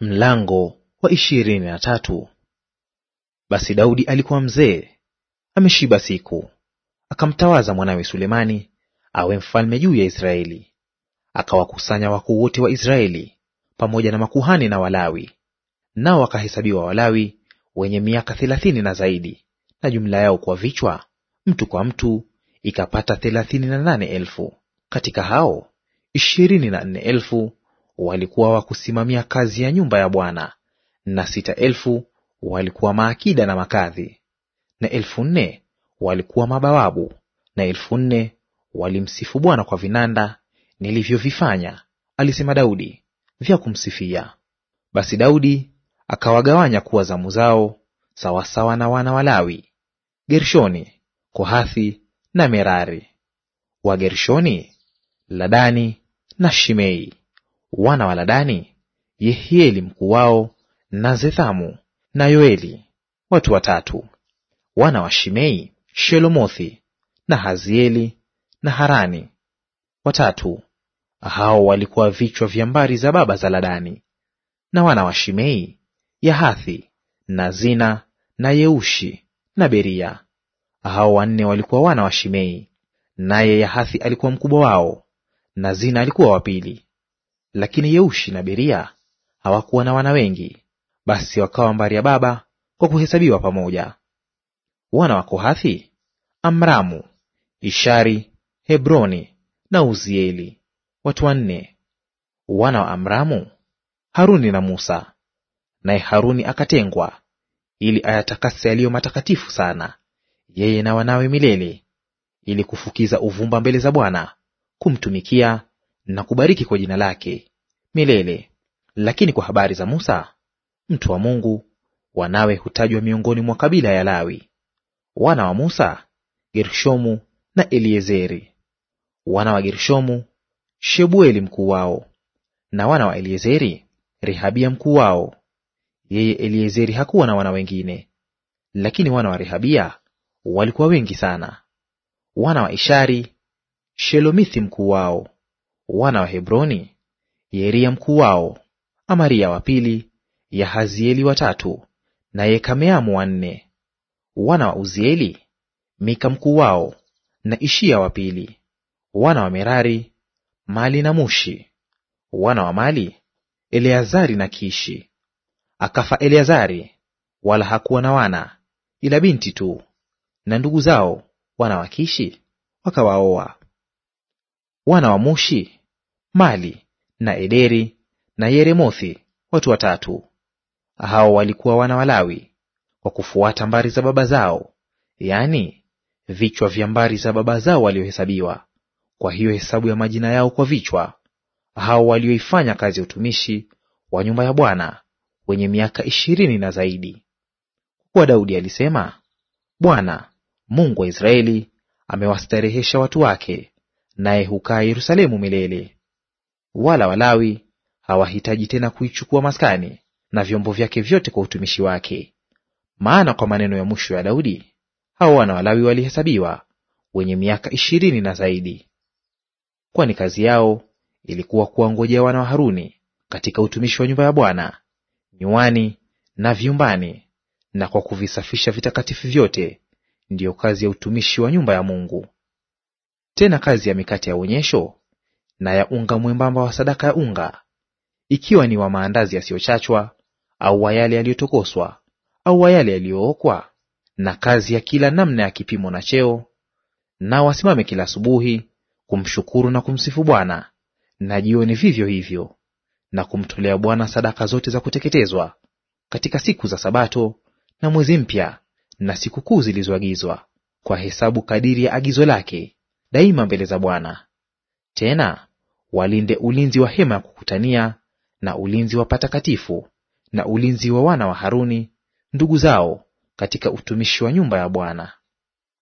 Mlango wa ishirini na tatu. Basi Daudi alikuwa mzee ameshiba siku, akamtawaza mwanawe Sulemani awe mfalme juu ya Israeli. Akawakusanya wakuu wote wa Israeli pamoja na makuhani na Walawi, nao wakahesabiwa Walawi wenye miaka thelathini na zaidi, na jumla yao kwa vichwa mtu kwa mtu ikapata thelathini na nane elfu. Katika hao ishirini na nne elfu walikuwa wa kusimamia kazi ya nyumba ya Bwana, na sita elfu walikuwa maakida na makadhi, na elfu nne walikuwa mabawabu, na elfu nne walimsifu Bwana kwa vinanda nilivyovifanya, alisema Daudi, vya kumsifia. Basi Daudi akawagawanya kuwa zamu zao sawasawa na wana wa Lawi, Gershoni, Kohathi na Merari. Wa Gershoni, Ladani na Shimei. Wana wa Ladani, Yehieli mkuu wao, na Zethamu na Yoeli, watu watatu. Wana wa Shimei, Shelomothi na Hazieli na Harani, watatu. Hao walikuwa vichwa vya mbari za baba za Ladani. Na wana wa Shimei, Yahathi na Zina na Yeushi na Beria. Hao wanne walikuwa wana wa Shimei, naye Yahathi alikuwa mkubwa wao, na Zina alikuwa wa pili. Lakini Yeushi na Beria hawakuwa na wana wengi, basi wakawa mbari ya baba kwa kuhesabiwa pamoja. Wana wa Kohathi: Amramu, Ishari, Hebroni na Uzieli, watu wanne. Wana wa Amramu: Haruni na Musa. Naye Haruni akatengwa ili ayatakase yaliyo matakatifu sana, yeye na wanawe milele, ili kufukiza uvumba mbele za Bwana, kumtumikia na kubariki kwa jina lake milele. Lakini kwa habari za Musa mtu wa Mungu, wanawe hutajwa miongoni mwa kabila ya Lawi. Wana wa Musa Gershomu na Eliezeri. Wana wa Gershomu Shebueli mkuu wao, na wana wa Eliezeri Rehabia mkuu wao. Yeye Eliezeri hakuwa na wana wengine, lakini wana wa Rehabia walikuwa wengi sana. Wana wa Ishari Shelomithi mkuu wao. Wana wa Hebroni, Yeria mkuu wao, Amaria wa pili, Yahazieli wa tatu, na Yekameamu wa nne. Wana wa Uzieli, Mika mkuu wao, na Ishia wa pili. Wana wa Merari, Mali na Mushi. Wana wa Mali, Eleazari na Kishi. Akafa Eleazari, wala hakuwa na wana ila binti tu, na ndugu zao wana wa Kishi wakawaoa. Wana wa Mushi Mali na Ederi na Yeremothi, watu watatu. Hao walikuwa wana walawi kwa kufuata mbari za baba zao, yaani vichwa vya mbari za baba zao waliohesabiwa, kwa hiyo hesabu ya majina yao kwa vichwa, hao walioifanya kazi ya utumishi wa nyumba ya Bwana wenye miaka ishirini na zaidi. Kwa Daudi alisema, Bwana Mungu wa Israeli amewastarehesha watu wake, naye hukaa Yerusalemu milele wala Walawi hawahitaji tena kuichukua maskani na vyombo vyake vyote kwa utumishi wake. Maana kwa maneno ya mwisho ya Daudi hao wana Walawi walihesabiwa wenye miaka ishirini na zaidi, kwani kazi yao ilikuwa kuwangojea wana wa Haruni katika utumishi wa nyumba ya Bwana nyuani na vyumbani na kwa kuvisafisha vitakatifu vyote, ndiyo kazi ya utumishi wa nyumba ya Mungu. Tena kazi ya mikate ya uonyesho na ya unga mwembamba wa sadaka ya unga, ikiwa ni wa maandazi yasiyochachwa au wa yale yaliyotokoswa au wa yale yaliyookwa, na kazi ya kila namna ya kipimo na cheo. Na wasimame kila asubuhi kumshukuru na kumsifu Bwana, na jioni vivyo hivyo, na kumtolea Bwana sadaka zote za kuteketezwa katika siku za Sabato na mwezi mpya na sikukuu zilizoagizwa, kwa hesabu kadiri ya agizo lake, daima mbele za Bwana. Tena walinde ulinzi wa hema ya kukutania na ulinzi wa patakatifu na ulinzi wa wana wa Haruni ndugu zao katika utumishi wa nyumba ya Bwana.